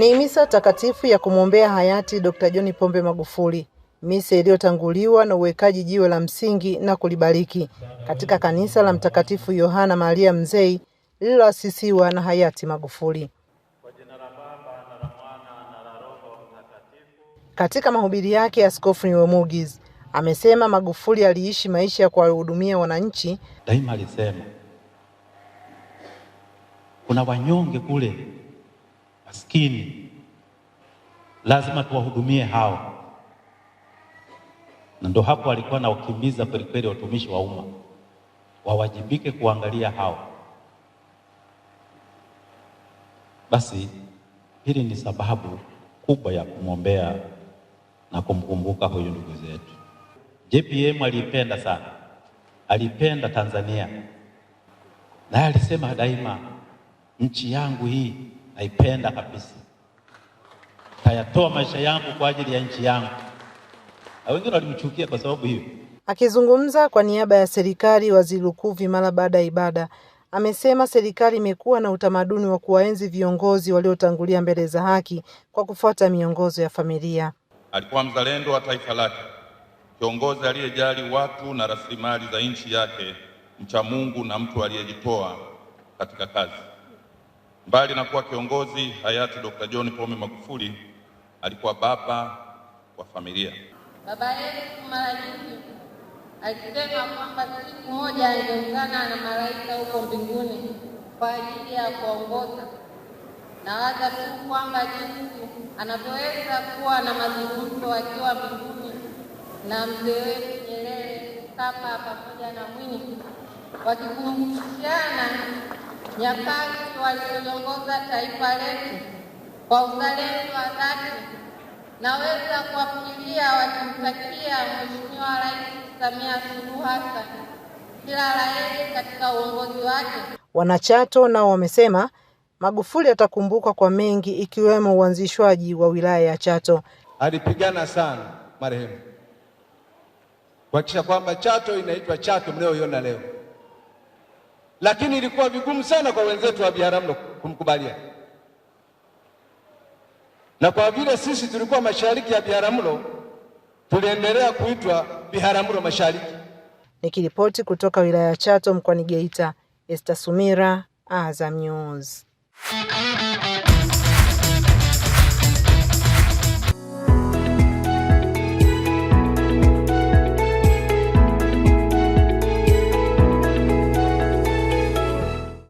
Ni misa takatifu ya kumwombea hayati Dr. John Pombe Magufuli, misa iliyotanguliwa na uwekaji jiwe la msingi na kulibariki katika kanisa la Mtakatifu Yohana Maria Mzee lililoasisiwa na hayati Magufuli. Katika mahubiri yake, Askofu Nwemugizi amesema Magufuli aliishi maisha ya kuwahudumia wananchi. Daima alisema kuna wanyonge kule maskini, lazima tuwahudumie hao, na ndo hapo alikuwa na ukimbiza kwelikweli, watumishi wa umma wawajibike kuangalia hao. Basi hili ni sababu kubwa ya kumwombea na kumkumbuka huyu ndugu zetu. JPM aliipenda sana, alipenda Tanzania, naye alisema daima, nchi yangu hii naipenda kabisa, kayatoa maisha yangu kwa ajili ya nchi yangu, na wengine walimchukia kwa sababu hiyo. Akizungumza kwa niaba ya serikali, waziri Lukuvi mara baada ya ibada amesema serikali imekuwa na utamaduni wa kuwaenzi viongozi waliotangulia mbele za haki kwa kufuata miongozo ya familia. Alikuwa mzalendo wa taifa lake, kiongozi aliyejali watu na rasilimali za nchi yake, mcha Mungu na mtu aliyejitoa katika kazi. Mbali na kuwa kiongozi hayati Dr. John Pombe Magufuli alikuwa baba wa familia. Baba yetu mara nyingi alisema kwamba siku moja aliungana na malaika huko mbinguni kwa ajili ya kuongoza, na waza tu kwamba jinsi anavyoweza kuwa na mazungumzo akiwa mbinguni na mzee wetu Nyerere, Mkapa pamoja na Mwinyi wakikumbushana nyakati waliloliongoza taifa letu kwa uzalendo wa dhati, naweza kuwafikilia wakimtakia Mheshimiwa Rais Samia Suluhu Hassan kila la heri katika uongozi wake. Wanachato nao wamesema Magufuli atakumbukwa kwa mengi ikiwemo uanzishwaji wa wilaya ya Chato. Alipigana sana marehemu kuhakikisha kwamba Chato inaitwa Chato mnayoiona leo lakini ilikuwa vigumu sana kwa wenzetu wa Biharamulo kumkubalia, na kwa vile sisi tulikuwa mashariki ya Biharamulo tuliendelea kuitwa Biharamulo Mashariki. Nikiripoti kutoka wilaya ya Chato mkoani Geita, Esther Sumira, Azam News.